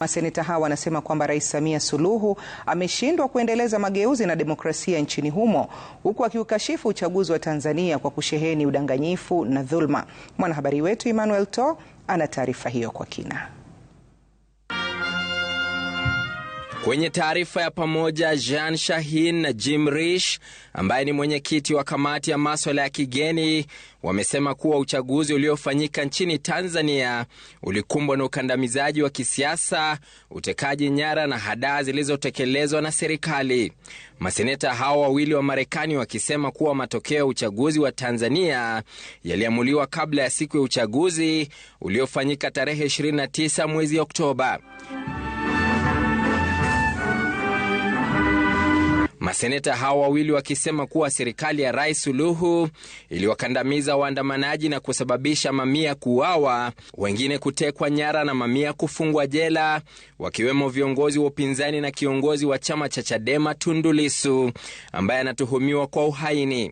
Maseneta hawa wanasema kwamba Rais Samia Suluhu ameshindwa kuendeleza mageuzi na demokrasia nchini humo huku akiukashifu uchaguzi wa Tanzania kwa kusheheni udanganyifu na dhulma. Mwanahabari wetu Emmanuel To ana taarifa hiyo kwa kina. Kwenye taarifa ya pamoja, Jean Shahin na Jim Risch ambaye ni mwenyekiti wa kamati ya maswala ya kigeni wamesema kuwa uchaguzi uliofanyika nchini Tanzania ulikumbwa na ukandamizaji wa kisiasa, utekaji nyara na hadaa zilizotekelezwa na serikali. Maseneta hao wawili wa Marekani wakisema kuwa matokeo ya uchaguzi wa Tanzania yaliamuliwa kabla ya siku ya uchaguzi uliofanyika tarehe 29 mwezi Oktoba. Maseneta hao wawili wakisema kuwa serikali ya Rais Suluhu iliwakandamiza waandamanaji na kusababisha mamia kuuawa, wengine kutekwa nyara na mamia kufungwa jela, wakiwemo viongozi wa upinzani na kiongozi wa chama cha Chadema Tundu Lissu ambaye anatuhumiwa kwa uhaini.